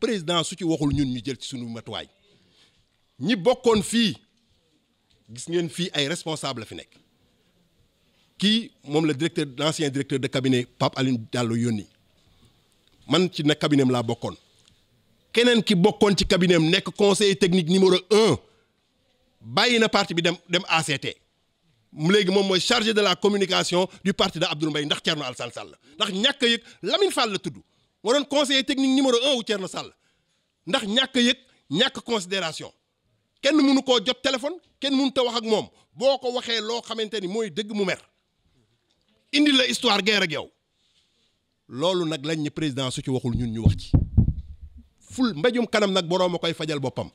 président su ci waxul ñun ñu jël ci suñu matuwaay ñi bokkoon fii gis ngeen fii ay responsable la fi nekk kii moom la directeur l'ancien directeur de cabinet Pape Alioune Diallo yónni man ci na cabinet laa bokkoon keneen ki bokkoon ci cabinet nekk conseiller technique numéro un bàyyi na parti bi dem dem ACT mu léegi moom mooy chargé de la communication du parti de Abdoul mbay ndax Thierno Alassane Sall ndax ñàkk a yëg Lamine Fall la tudd moo doon conseiller technique numéro aw wu na Sall ndax ñàkk yëg ñàkk considération kenn mënu koo jot téléphone kenn mënu ta wax ak moom boo ko waxee loo xamante ni mooy dëgg mu mer indi la histoire guerre ak yow loolu nag lañ ñi président su ci waxul ñun ñu wax ci ful mbéjum kanam nag boroom a koy fajal boppam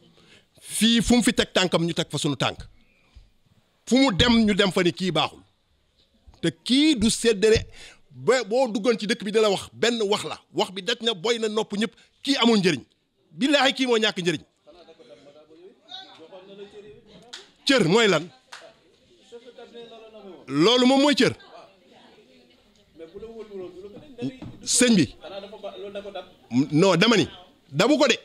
fii fu mu fi teg tànkam ñu teg fa sunu tànk fu mu dem ñu dem fa ni kii baaxul te kii du séddale ba boo duggoon ci dëkk bi dala wax benn wax la wax bi daj na boy na nopp ñëpp kii amul njëriñ billaahi kii moo ñàkk njëriñ cër mooy lan loolu moom mooy cër sëñ bi noo dama ni dabu ko de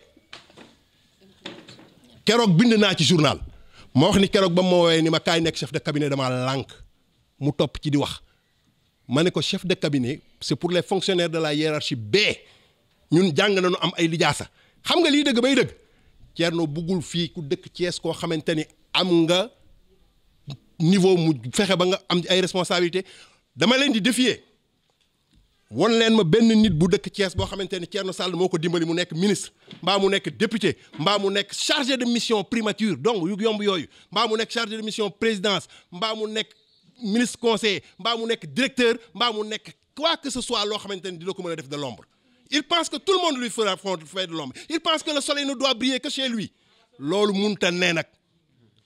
keroog bind naa ci journal ma wax ni keroog ba ma woowee ni ma kaay nekk chef de cabinet dama lànk mu topp ci di wax ma ne ko chef de cabinet c'est pour les fonctionnaires de la hiérarchie B ñun jàng nu am ay lijaasa xam nga lii dëgg bay dëgg Thierno buggul fii ku dëkk Thiès koo xamante ni am nga niveau mu fexe ba nga am ay responsabilité dama leen di défier won leen ma benn nit bu dëkk Thiès boo xamante ni Thierno Sall moo ko dimbali mu nekk ministre mbaa mu nekk député mbaa mu nekk chargé de mission primature donc yu yomb yooyu mbaa mu nekk chargé de mission présidence mbaa mu nekk ministre conseiller mbaa mu nekk directeur mbaa mu nekk quoi que ce soit loo xamante ni dina ko mën a def de l'ombre il pense que tout le monde lui fera faire de l'ombre il pense que le soleil ne doit briller que chez lui loolu munta ne nag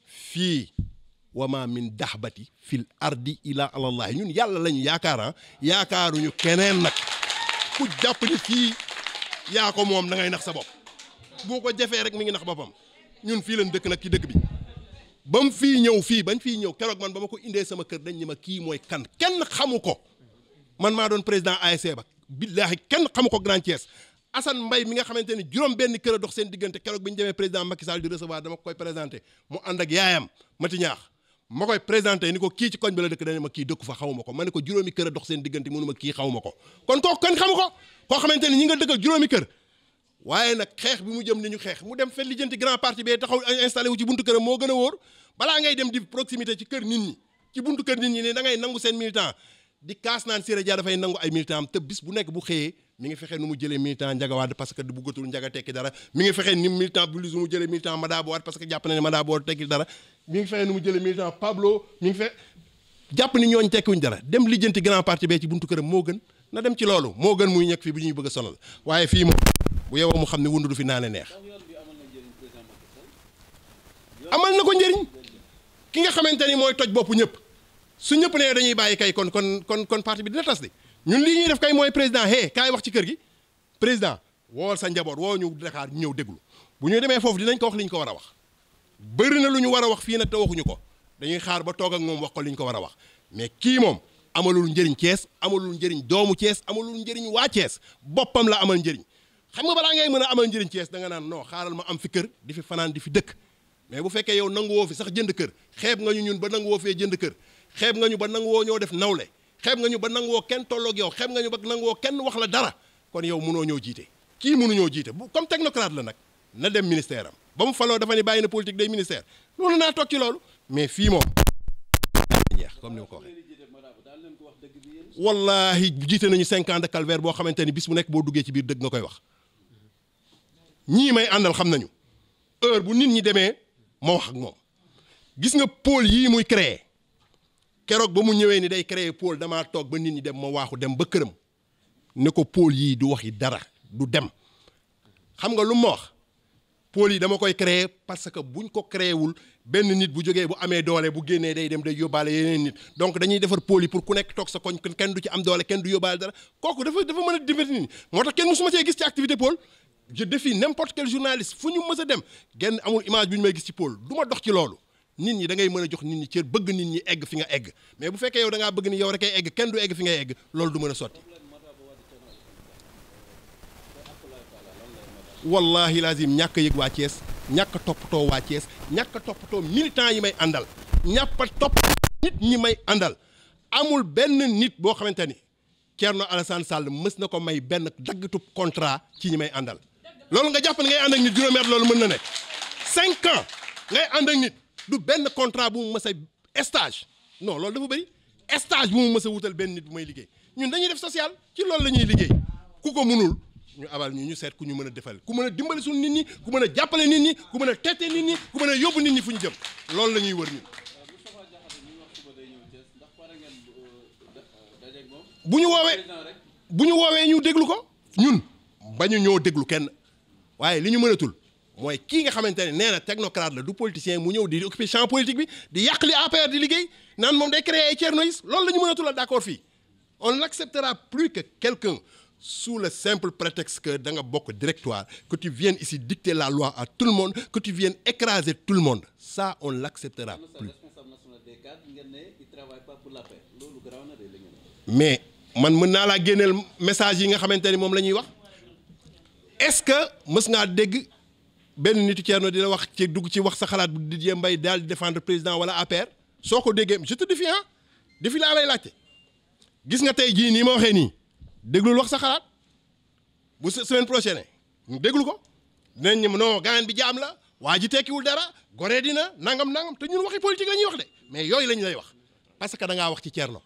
fii wama min daxbati fil ardi ila àlallaah ñun yàlla lañu ñu yaakaara ah. yaakaaruñu keneen nag ku jàpp ni fii yaa ko moom da ngay nax sa bopp boo ko jafee rek mi ngi nax boppam ñun fii lañ dëkk nag ci dëkk bi ba mu fii ñëw fii bañ fii ñëw keroog man ba ma ko indee sama kër dañ ñi ma kii mooy kan kenn xamu ko man maa doon président ASC e ba billaahi kenn xamu ko Grand Thiès Assane Mbaye mi nga xamante ni juróom benn kër a dox seen diggante keroog bi ñu demee président Macky Sall di recevoir dama ko koy présenté mu ànd ak yaayam Mati Ñaax ma koy présenté ni ko kii ci koñ bi la dëkk dane ma kii dëkku fa xawuma ko ma ne ko juróomi kër a dox seen diggante mënu ma kii ko kon kooku kenn xamante ni ñi nga dëkkal juróomi kër waaye nag xeex bi mu jëm ni ñu xeex mu dem fenn lijjanti grand parti bee taxaw installé wu ci buntu këram moo gën a wóor balaa ngay dem di proximité ci kër nit ñi ci buntu ne da ngay nangu seen militant di kaas naan Siré Dia dafay nangu ay militant nekk bu xëyee mi ngi fexe nu mu jëlee militant njagawaat parce que du bëggatul njaga tekki dara mi ni militant bulise mu jëlee militant Madaa Bowaat parce que jàpp na ne Madaa Bowaat tekki dara mi ngi fexe nu mu jëlee dem lijjanti grand parti bee ci buntu këram moo gën na dem ci loolu moo gën muy ñekk fii bu ñuy bëgg a sonal waaye fii moom bu yewoo mu xam ne wundu du fi naane neex amal na ko njëriñ ki nga xamante ni mooy toj boppu ñëpp su ñëpp ne dañuy bàyyi kay kon kon kon kon parti bi dina tas de ñun lii ñuy def kay mooy président hé kaay wax ci kër gi président woowal sa njaboot woo ñu Dakar ñu ñëw déglu bu ñu demee foofu dinañ ko wax li ko war a wax bëri na lu ñu war a wax fii nag te waxuñu ko dañuy xaar ba toog ak moom wax ko li ko war a wax mais kii moom amalul njëriñ Cees amalul njëriñ doomu Cees amalul njëriñ waa Cees boppam la amal njëriñ xam nga balaa ngay mën a amal njëriñ Cees da nga naan non xaaral ma am fi kër di fi fanaan di fi dëkk mais bu fekkee yow nangu fi sax jënd kër xeeb nga ñu ñun ba nangu fee jënd kër xeeb nga ñu ba nangu woo ñoo def nawle xeeb nga ñu ba nangu kenn tolloog yow xeeb nga ñu ba nangu kenn wax la dara kon yow munoo ñoo jiite kii mënuñoo jiite bu comme technocrate la nag na dem ministère am ba mu faloo dafa ne bàyyi na politique day ministère loolu naa toog ci loolu mais fii moom jeex comme ni ma ko waxee wallaahi jiite nañu cinq ans de calvaire boo xamante ni bis bu nekk boo duggee ci biir dëgg nga koy wax ñii may àndal xam nañu heure bu nit ñi demee ma wax ak moom gis nga pôle yii muy créer keroog ba mu ñëwee ni day créer pôle damaa toog ba nit ñi dem ma waaxu dem ba këram ni ko pôle yii du wax yi dara du dem xam nga lu ma wax pôle yi dama koy créer parce que buñ ko créer wul benn nit bu jógee bu amee doole bu génnee day dem day yóbbaale yeneen nit donc dañuy defar pôle yi pour ku nekk toog sa koñ kenn du ci am doole kenn du yóbbaale dara kooku dafa dafa mën a dimbali nit ñi moo tax kenn gis ci activité pôle je défie n'importe quel journaliste fu ñu mës a dem genn amul image bu ñu may gis ci pôle du ma dox ci loolu nit ñi dangay ngay mën a jox nit ñi cër bëgg nit ñi egg fi nga egg mais bu fekkee yow da ngaa bëgg ni yow rek ay egg kenn du egg fi nga egg loolu du mën sotti wallahi lazim ñàkk yëg waa ñàkk toppatoo waa ñàkk toppatoo militant yi may àndal ñàppa topp nit ñi may àndal amul benn nit boo xamante ni Thierno Alassane Sall mës na ko may benn daggitub contrat ci ñi may àndal loolu nga jàpp ne ngay ànd ak nit juróomi at loolu mën na nekk cinq ans ngay ànd ak nit benn contrat bu mu mës stage non loolu dafa bëri stage bu mu wutal benn nit bu liggéey ñun dañuy def social ci loolu la ñuy liggéey ku ko mënul ñu abal ñu ñu seet ku ñu mën a defal ku mën a dimbali suñu nit ñi ku mën a jàppale nit ñi ku mën a tette nit ñi ku mën a yóbbu nit ñi fu ñu jëm loolu la ñuy wër ñun. bu ñu woowee bu ñu woowee ñu déglu ko ñun bañu ñoo déglu kenn. waaye li ñu mënatul mooy kii nga xamante ne nee na technocrate la du politicien mu ñëw di occuper champ politique bi di yàq li APR di liggéey naan moom day créer ay Thiernoïs loolu la ñu mënatul a d'accord fii on n'acceptera plus que quelqu'un sous le simple prétexte que da nga bokk directoire que tu viennes ici dicter la loi à tout le monde que tu viennes écraser tout le monde ça on l'acceptera plus mais man mën naa laa génneel message yi nga xamante ni moom la ñuy wax est-ce que mës ngaa dégg benn nitu Thierno di la wax ci dugg ci wax sa xalaat bu Didier mbay daal di défendre président wala APR soo ko déggee je te défie ah défi lay laajte gis nga tey jii nii ma waxee nii déglul wax sa xalaat bu semaine prochaine ñu déglu ko dinañ ne non gaan bi jaam la waa ji tekkiwul dara goree dina nangam nangam te ñun waxi politique la ñuy wax de mais yooyu lañ lay wax parce que da ngaa wax ci Thierno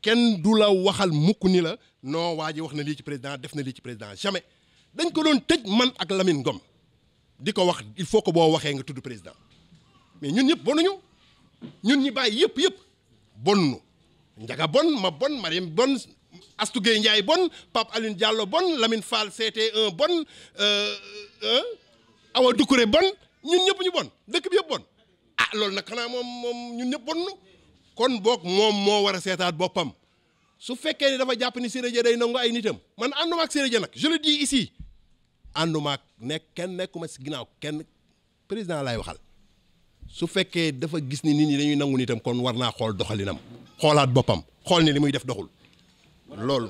kenn du la waxal mukk ni la non waa ji wax na lii ci président def na lii ci président jamais. dañ ko doon tëj man ak Lamine Ngom di ko wax il faut que boo waxee nga tudd président mais ñun ñëpp bonuñu ñun ñi bàyyi yëpp yëpp bonnu Njaga bon ma bon Mariam bon Astou Gueye Ndiaye bon Pape Aline jàllo bon Lamine Fall seetee 1 bon euh, euh, Awa Doucouré bon ñun ñëpp ñu bon dëkk bi yëpp bon ah loolu nag xanaa moom moom ñun ñëpp bonnu kon boog moom moo war a seetaat boppam su fekkee ni dafa jàpp ni Siré Dia day nangu ay nitam man ànduma ak Siré Dia nag je le dis ànduma nekk kenn nekkuma si ginnaaw kenn président laay waxal su fekkee dafa gis ni nit ñi dañuy nangu nitam kon war naa xool doxalinam xoolaat boppam xool ni li muy def doxul. loolu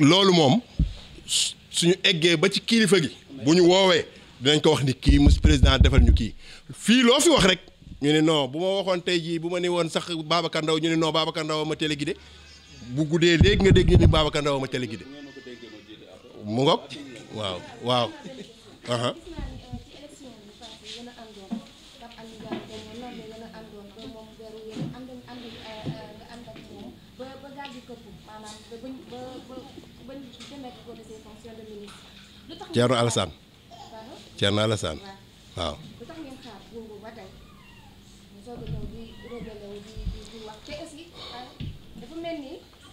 loolu moom suñu eggee ba ci kilifa gi. bu ñu woowee dinañ ko wax ni kii mus président defal ñu kii fii loo fi wax rek. ñu ne non bu ma waxoon tey jii bu ma ne woon sax Babacar Ndao ñu ne noo Babacar Ndao ma télé de bu guddee léegi nga dégg ni Babacar Ndaw ma ca liggéey mu ngoog waaw waaw. aha Thierno Alassane Thierno waaw.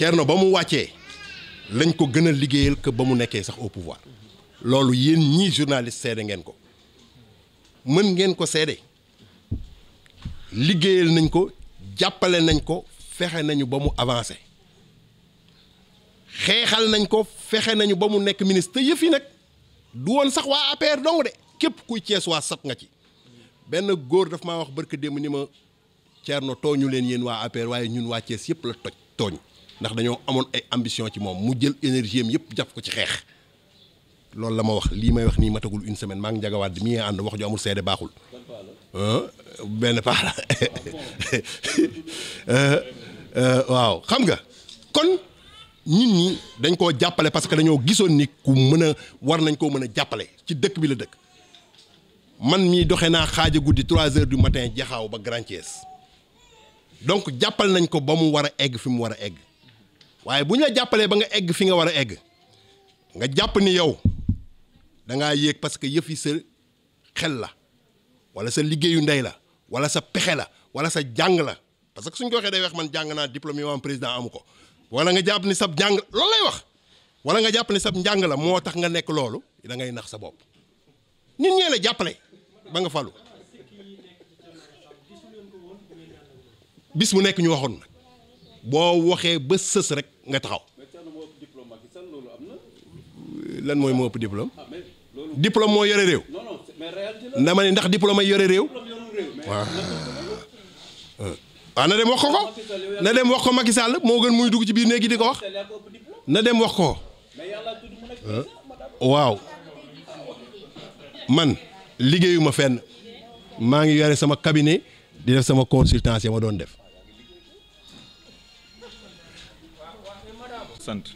Thierno ba mu wàccee lañ ko gën a liggéeyal que ba mu nekkee sax au pouvoir loolu yéen ñii journaliste seede ngeen ko mën ngeen ko seede liggéeyal nañ ko jàppale nañ ko fexe nañu ba mu avancé xeexal nañ ko fexe nañu ba mu nekk ministre yëf yi nag du woon sax waa APR dong de képp kuy cees waa sat nga ci benn góor daf maa wax barka démb ni ma Thierno ñu leen yéen waa APR waaye ñun waa Cees yëpp la toj tooñ ndax dañoo amoon ay ambition ci moom mu jël énergie am yëpp jàpp ko ci xeex loolu la ma wax lii may wax nii matagul une semaine maa ngi njagawaat bi mi ngi ànd wax ju amul seede baaxul benn paa euh, euh, waaw xam nga kon nit ñi dañ koo jàppale parce que dañoo gisoon ni ku mën a war nañ koo mën a jàppale ci dëkk bi la dëkk man mii doxe naa xaaja guddi trois heures du matin jaxaw ba Grand Thiès donc jàppal nañ ko ba mu war a egg fi mu war a egg waaye bu ñu la jàppalee ba nga egg fi nga war a egg nga jàpp ni yow da ngaa yéeg parce que yëf yi sa xel la wala sa liggéeyu ndey la wala sa pexe la wala sa jàng la parce que suñ ko waxee day weex man jàng naa diplôme yi am président amu ko wala nga jàpp ni sab jàng loolu wax wala nga jàpp ni sab njàng la moo tax nga nekk loolu da ngay nax sa bopp nit ñee la jàppale ba nga falu bis mu nekk ñu waxoon nag boo waxee ba sës rek nga taxaw. lan mooy moo ëpp diplôme. Ah, diplôme moo yore réew. dama ne ndax diplôme ay yore réew. waaw ah, na dem wax ko ko na dem wax ko Macky moo gën muy dugg ci biir néegi di ko wax na dem wax ko waaw man liggéeyuma fenn maa ngi yore sama cabinet di def sama consultance ya ma doon def sant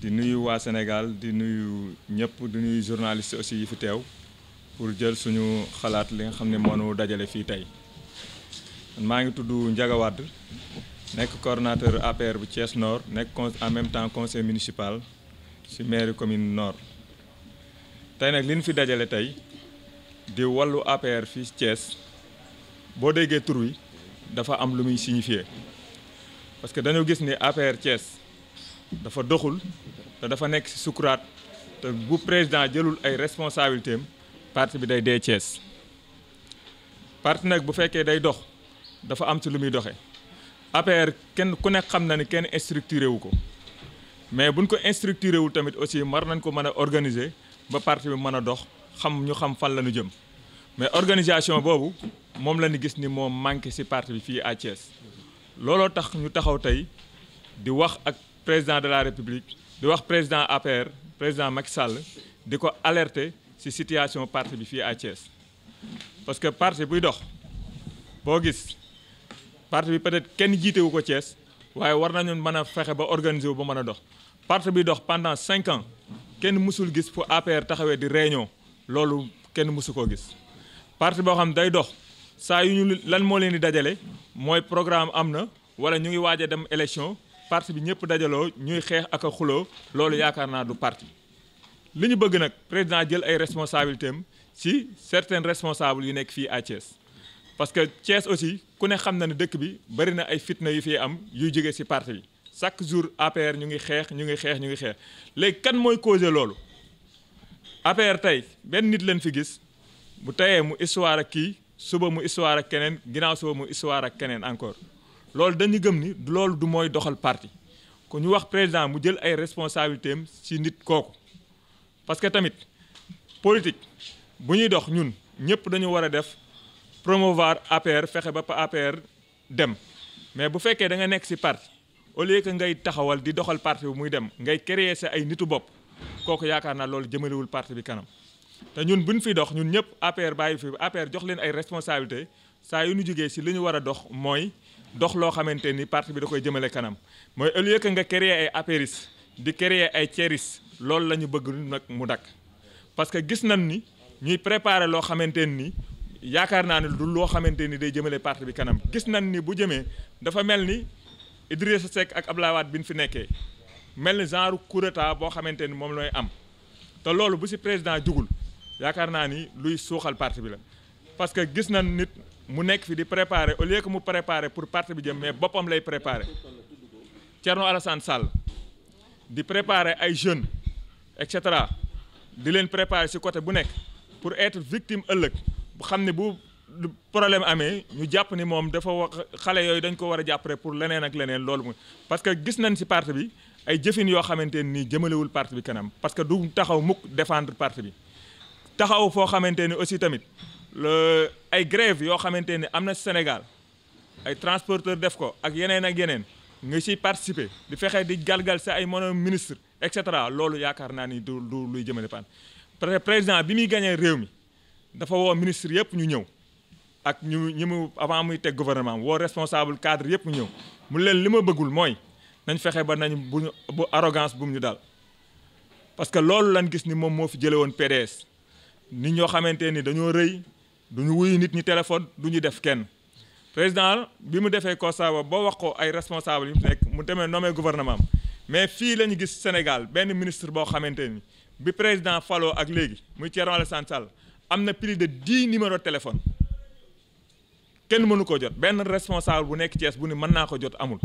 di nuyu waa Sénégal di nuyu ñëpp di nuyu journaliste aussi yi fi teew pour jël suñu xalaat li nga xam ne moo dajale fii tey maa ngi tudd Ndiaga Wade nekk coordonnateur APR bu Thiès noor nekk en même temps conseil municipal ci mairie commune noor tey nag li ñu fi dajale tey di wàllu APR fii Thiès boo déggee tur wi dafa am lu muy signifier parce que gis ni APR Thiès dafa doxul te dafa nekk si sukuraat te bu président jëlul ay responsabilité am parti bi day dee Thiès parti nag bu fekkee day dox dafa am si lu muy doxee APR kenn ku nekk xam na ni kenn instructuré wu ko mais buñ ko instructuré wul tamit aussi mar nañ ko mën a organiser ba parti bi mën a dox xam ñu xam fan la ñu jëm mais organisation boobu moom la ñu gis ni moo manqué si parti bi fii à looloo tax ñu taxaw tey di wax ak président de la république di wax président APR président Macky Sall di ko alerter ci situation parti bi fii à Thiès parce que parti buy dox boo gis parti bi peut-être kenn jiitewu ko Thiès waaye war nañu mën a fexe ba organiser wu ba mën a dox parti bi dox pendant cinq ans kenn mësul gis fu APR taxawee di réunion loolu kenn mësu koo gis parti boo xam day dox saa yu ñu lan moo leen di dajale mooy programme am na wala ñu ngi waaj a dem élection parti bi ñëpp dajaloo ñuy xeex ak a xuloo loolu yaakaar naa du parti li ñu bëgg nag président jël ay responsabilités am ci certains responsable yu nekk fii à Thiès parce que Thiès aussi ku ne xam na ne dëkk bi bari na ay fitna yu fi am yuy jóge ci parti bi chaque jour APR ñu ngi xeex ñu ngi xeex ñu ngi xeex léegi kan mooy causé loolu APR tey benn nit leen fi gis bu teyee mu histoire ak kii suba mu histoire ak keneen ginnaaw suba mu histoire ak keneen encore loolu dañu gëm ni loolu du mooy doxal parti ku ñu wax président mu jël ay responsabilités am ci nit kooku parce que tamit politique bu ñuy dox ñun ñëpp dañu war a def promouvoir APR fexe ba APR dem mais bu fekkee da nga nekk ci parti au lieu que ngay taxawal di doxal parti bi muy dem ngay créer sa ay nitu bopp kooku yaakaar naa loolu jëmalewul parti bi kanam te ñun bu ñu fi dox ñun ñëpp APR bàyyi fi APR jox leen ay responsabilités saa yu nu jógee si li ñu war a dox mooy dox loo xamante ni parti bi da koy jëmale kanam mooy au lieu nga créer ay apéris di créer ay ceris loolu la ñu bëgg nag mu dakk parce que gis nañ ni ñuy préparer loo xamante ni yaakaar naa ne du loo xamante ni day jëmale parti bi kanam gis nañ ni bu jëmee dafa mel ni Idrissa Seck ak Abdoulaye Wade bi ñu fi nekkee mel ni genre coup boo xamante ni moom looy am te loolu bu si président jugul yaakaar naa ni luy suuxal parti bi la mu nekk fi di préparer au lieu que mu préparer pour part bi jëm mais boppam lay préparer Thierno Alassane Sall di préparer ay jeunes et cetera di leen préparer si côté bu nekk pour être victime ëllëg bu xam ne bu problème amee ñu jàpp ni moom dafa wax xale yooyu dañ ko war a jàppale pour leneen ak leneen loolu mooy parce que gis nañ si parti bi ay jëfin yoo xamante nii jëmalewul parti bi kanam parce que du taxaw mukk défendre parti bi taxaw foo xamante ni aussi tamit le ay grève yoo xamante ni am na Sénégal ay transporteur def ko ak yeneen ak yeneen nga ciy participer di fexe di galgal sa ay mono ministre et cetera loolu yaakaar naa ni du du luy jëmale pan président bi muy gagné réew mi dafa woo ministre yëpp ñu ñëw ak ñu ñi mu avant muy teg gouvernement woo responsable cadre yëpp ñëw mu leen li ma bëggul mooy nañ fexe ba nañ bu bu arrogance bu mu ñu dal parce que loolu lan gis ni moom moo fi jële woon PDS nit ñoo xamante ni dañoo rëy du ñu wuyu nit ñi téléphone du ñu def kenn président bi mu defee constat ba boo wax ko ay responsable yu mu nekk mu demee nommé gouvernement mais fii la ñu gis Sénégal benn ministre boo xamante ni bi président faloo ak léegi muy Thierno Alassane Sall am na plus de dix numéro téléphone kenn mënu ko jot benn responsable bu nekk Thiès bu ni mën naa ko jot amul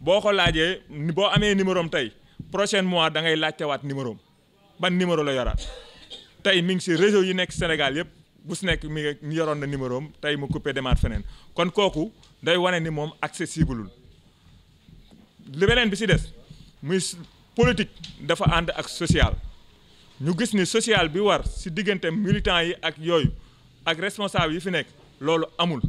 boo ko laajee boo amee numéro am tey prochain mois da ngay laajtewaat numéro am ban numéro la yoraat tey mi ngi si réseau yi nekk Sénégal yëpp bu si nekk mi ngi yoroon na numéro am tey mu coupé demaat feneen kon kooku day wane ni moom accessible li beneen bi si des muy politique dafa ànd ak social ñu gis ni social bi war si diggante militant yi ak yooyu ak responsable yi fi nekk loolu amul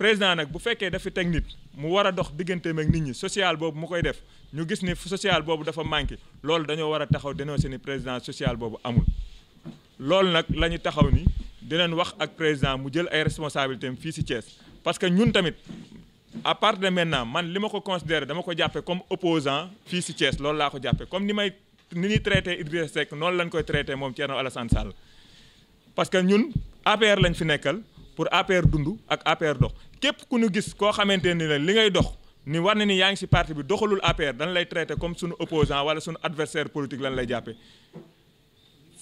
président nag bu fekkee dafa teg nit mu war a dox digganteem ak nit ñi social boobu mu koy def ñu gis ni social boobu dafa manqué loolu dañoo war a taxaw dénoncé ni président social boobu amul loolu nag la ñu taxaw ni dinañ wax ak président mu jël ay responsabilités fii si Thiès parce que ñun tamit à partir de maintenant man li ma ko considéré dama ko jàppee comme opposant fii si Thiès loolu laa ko jàppee comme ni may ni ñuy traité Idrissa Seck noonu lañ koy traité moom Thierno Alassane Sall parce que ñun APR lañ fi nekkal pour APR dund ak APR dox képp ku nu gis koo xamante ni la li ngay dox ni war na ni yaa ngi si parti bi doxalul APR dañ lay traité comme suñu opposant wala suñu adversaire politique lañ lay jàppee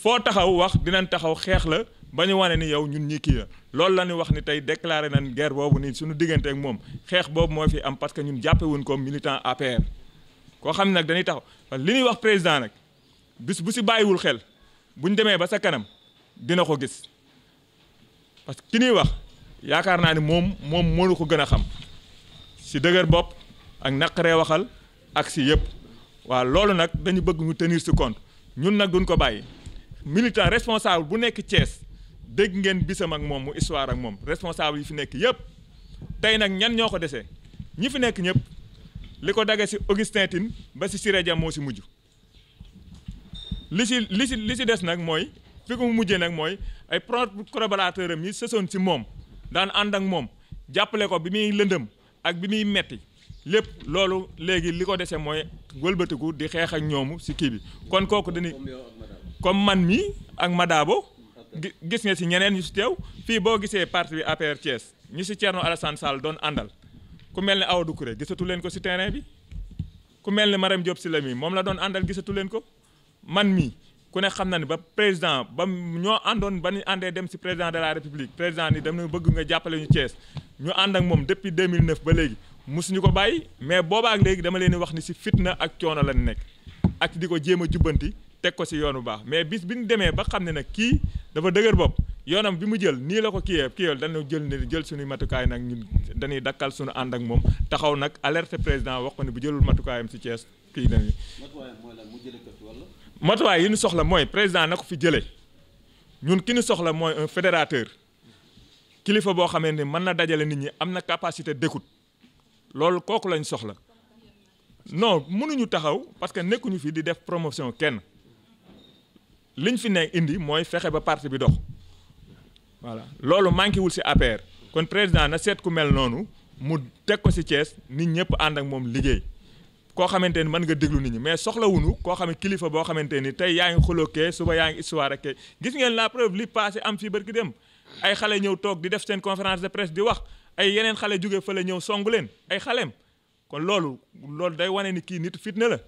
foo taxaw wax dinañ taxaw xeex la ba ñu wane ni yow ñun ñi kii la loolu la ñu wax ni tey déclaré nañ ger boobu nii suñu diggante ak moom xeex boobu moo fi am parce que ñun jàppe wuñ ko militant APR koo xam ne nag dañuy taxaw li ñuy wax président nag bis bu si bàyyiwul xel buñ demee ba sa kanam dina ko gis parce que ki ñuy wax yaakaar naa ni moom moom mënu ko gën a xam si dëgër bopp ak naqaree waxal ak si yëpp waaw loolu nag dañu bëgg ñu tenir si compte ñun nag duñ ko bàyyi militant responsable bu nekk Thiès dégg ngeen bisam ak moom mu histoire ak moom responsable yi fi nekk yëpp tey nag ñan ñoo ko desee ñi fi nekk ñëpp li ko dage si Augustin Tine ba si Siré Dia moo si mujj li si li si li si des nag mooy fi ko mu mujjee nag mooy ay collaborateur am yi sësoon si moom daan ànd ak moom jàppale ko bi muy lëndëm ak bi muy metti lépp loolu léegi li ko dese mooy wëlbatiku di xeex ak ñoomu si kii bi kon kooku dañuy comme man mi ak Madabo gis nga si ñeneen ñu si teew fii boo gisee parti bi APR cees ñu si Thierno Alassane Sall doon àndal ku mel ne Awa Doucouré gisatu leen ko si terrain bi ku mel ne Marème Diop Sylla mii moom la doon àndal gisatu leen ko man mii ku ne xam na ni ba président ba ñoo àndoon ba ñu àndee dem si président de la république président ni dama bëgg nga jàppale ñu Thiès ñu ànd ak moom depuis 2009 ba léegi musuñu ko bàyyi mais boobaak léegi dama leen di wax ni si fitna ak coono lañ nekk ak di ko jéem a jubbanti teg si yoon bu baax mais bis bi demee ba xam ne nag kii dafa dëgër bopp yoonam bi mu jël nii la ko kiyee kiyal dañu jël ne jël suñu matukaay nag ñun dañuy dakkal suñu ànd ak moom taxaw nag alerte président wax ko ne bu jëlul matukaayam si Thiès kii dañuy matuwaay yi nu soxla mooy président na ko fi jëlee ñun ki ñu soxla mooy un fédérateur kilifa boo xamee ne mën na dajale nit ñi am na capacité d'écoute loolu kooku lañ soxla non mënuñu taxaw parce que nekkuñu fi di def promotion kenn liñ fi ne indi mooy fexe ba parti bi dox voilà loolu manqué wul si APR kon président na seet ku mel noonu mu teg ko si Thiès nit ñëpp ànd ak moom liggéey koo xamante ni mën nga déglu nit ñi mais soxlawuñu koo xam ne kilifa boo xamante ni tey yaa ngi xulóokee suba yaa ngi histoire ak gis ngeen la preuve li passé am fii barki dem ay xale ñëw toog di def seen conférence de presse di wax ay yeneen xale jóge fa la ñëw songu leen ay xaleem kon loolu loolu day wane ni kii nit fitna la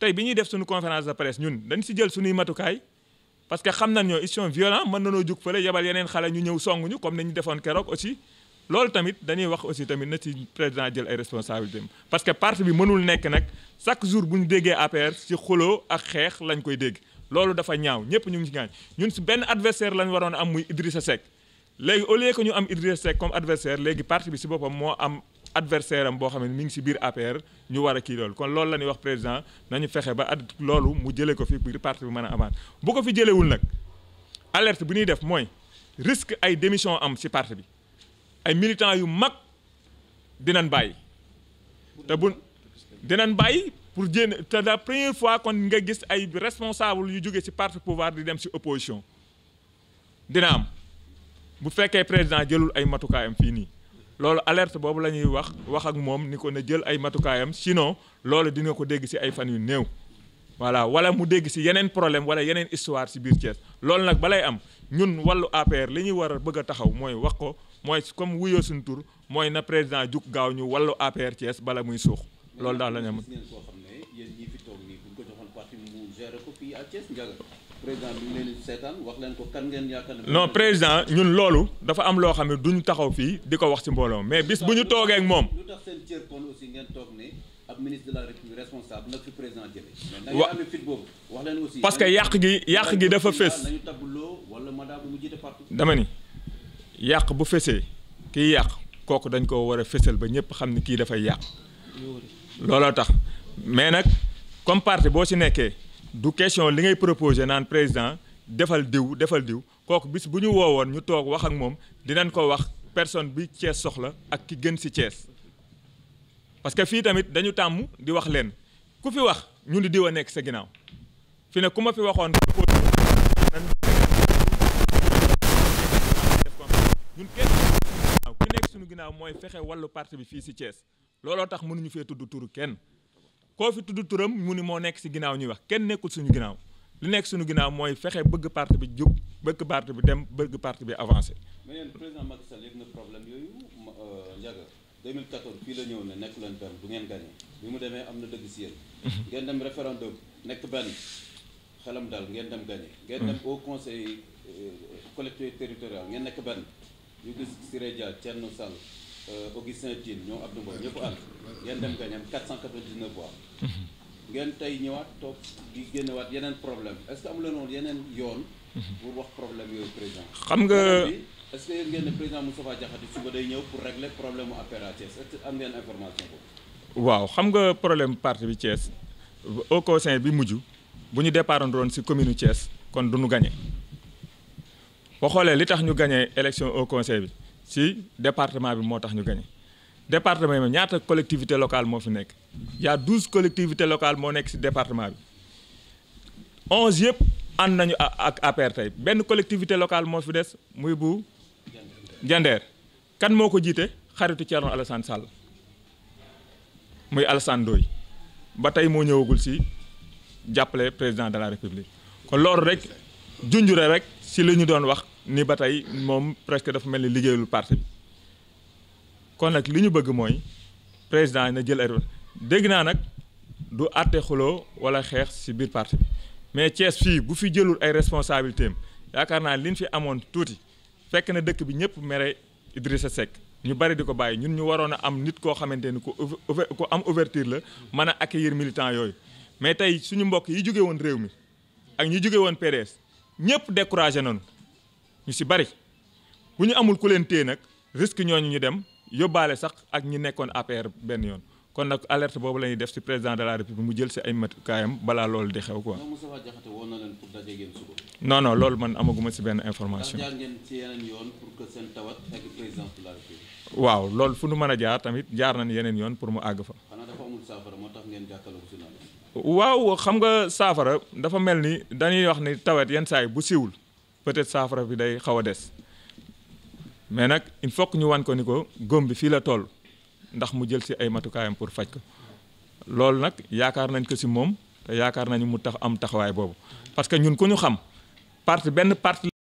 tey bi ñuy def suñu conférence de ñun dañ si jël suñuy matukaay parce que xam nañ ñoo ils sont violents mën nanoo jug fële yebal yeneen xale ñu ñëw song ñu comme ni ñu defoon keroog aussi loolu tamit dañuy wax aussi tamit na ci président jël ay responsabilités parce que parti bi mënul nekk nag chaque jour bu ñu déggee APR ci xuloo ak xeex lañ koy dégg loolu dafa ñaaw ñëpp ñu ngi ci gaañ ñun si benn adversaire lañ waroon am muy Idrissa Seck léegi au lieu que ñu am Idrissa Seck comme adversaire léegi parti bi si boppam moo am adversaire am boo xam ne mi ngi si biir APR ñu war a kii loolu kon loolu la ñuy wax président nañu fexe ba at loolu mu jëlee ko fi biir parti bi mën a amaat bu ko fi jëlewul nag alerte bu ñuy def mooy risque ay démission am si parti bi ay militants yu mag dinañ bàyyi te bu dinañ bàyyi pour jéem te la fois kon nga gis ay responsable yu jóge si parti pouvoir di dem si opposition dina am bu fekkee président jëlul ay matukaayam fii nii loolu alerte boobu la ñuy wax wax ak moom ni ko na jël ay matukaayam sinon loolu dina ko dégg si ay fan yu néew voilà wala mu dégg si yeneen problème wala yeneen histoire si biir Thiès loolu nag balay am ñun wallu APR li ñuy war a bëgg a taxaw mooy wax ko mooy comme wuyoo suñu tur mooy na président jug gaaw ñu wàllu APR cees bala muy suux loolu daal la ñu am. yéen ñi fi toog nii bu ñu ko joxoon président bi leen di seetaan ko kan ngeen yaakaar non président ñun loolu dafa am loo xam ne duñu taxaw fii di ko wax ci mbooloo mais bis bu ñu toogeek moom. lu tax seen cër kon aussi ngeen toog ne ab ministre de la république responsable wa wax parce que yàq gi yàq gi dafa fës. wala madame mu jiite dama ni yàq bu fesee kiy yàq kooku dañ koo war a fesal ba ñëpp xam ne kii dafay yàq. looloo tax mais nag comme parti boo ci nekkee. du question li ngay proposé naan président defal diw defal diw kooku bis bu ñu woowoon ñu toog wax ak moom dinañ ko wax personne bi Thiès soxla ak ki gën si cees parce que fii tamit dañu tàmm di wax leen ku fi wax ñu ni diw a nekk sa ginnaaw fi ne ku ma fi waxoon ñun kenn ku nekk suñu ginnaaw mooy fexe wàllu parti bi fii si Thiès looloo tax mënuñu fee tudd turu kenn koo fi tudd turam mu ni moo nekk si ginnaaw ñuy wax kenn nekkul suñu ginnaaw li nekk suñu ginnaaw mooy fexe bëgg parti bi jub bëgg parti bi dem bëgg parti bi avancé. mais yéen président Macky Sall yëg na problème yooyu euh, Ndiaga 2014 fii la ñëw ne nekk leen benn bu ngeen gagné bi mu demee am na dëgg si yéen. Mhm. ngeen dem référendum nekk benn xelam dal ngeen dem gagné. ngeen dem mhm. au conseil euh, collectivité territorial ngeen nekk benn ñu gis Siré Dia Thierno Sall. Euh, Augustin Tine ñoom Abdou Mbow ñëpp ànd ngeen dem gañam 499 voix mhm. ngeen tey ñëwaat toog di génnewaat yeneen problème est-ce que amu leen woon yeneen yoon mhm. pour wax problème yooyu président xam nga est-ce que yéen ngeen day ñëw pour régler problème mu APR Thiès est-ce information boobu waaw xam nga problème parti bi Thiès au bi mujj bu ñu départandoon si commune Thiès kon dunu ñu gagné boo xoolee li tax ñu gagné élection au conseil bi si département bi moo tax ñu gagné département bi ñaata collectivité locale moo fi nekk y a douze collectivités locales moo nekk si département bi onze yëpp ànd nañu ak APR tey benn collectivité locale moo fi des muy bu Jandeer kan moo ko jiite xaritu Thierno Alassane Sall muy Alassane Ndoye ba tey moo ñëwagul si jàppale président de la république kon loolu rek junjure rek si li ñu doon wax ni ba tey moom presque dafa mel ni liggéeyul parti bi kon nag li ñu bëgg mooy président na jël ay dégg naa nag du àtte xuloo wala xeex si biir parti mais Thiès fii bu fi jëlul ay responsabilités am yaakaar naa liñ fi amoon tuuti fekk na dëkk bi ñëpp mere Idrissa Seck ñu bari di ko bàyyi ñun ñu waroon a am nit koo xamante ni ku ku am ouverture la mën a accueillir militant yooyu mais tey suñu mbokk yi jóge woon réew mi ak ñu jóge woon PDS ñëpp découragé nañu. ñu si bari bu ñu amul ku leen téye nag risque ñooñu ñu dem yóbbaale sax ak ñi nekkoon APR benn yoon kon nag alerte boobu la ñuy def si président de la république mu jël si ay matukaayam balaa lool di xew quoi. non non loolu man amaguma si benn information. waaw loolu fu nu mën a jaar tamit jaar nañ yeneen yoon pour mu àgg fa. waaw xam nga saafara dafa mel ni dañuy wax ni tawet yenn saay bu siwul peut-être bi day xaw a des mais nag il faut que ñu wan ko ni ko góom bi fii la tool ndax mu jël si ay matukaayam pour faj ko loolu nag yaakaar nañ ko si moom te yaakaar nañu mu tax am taxawaay boobu parce que ñun ku ñu xam parti benn parti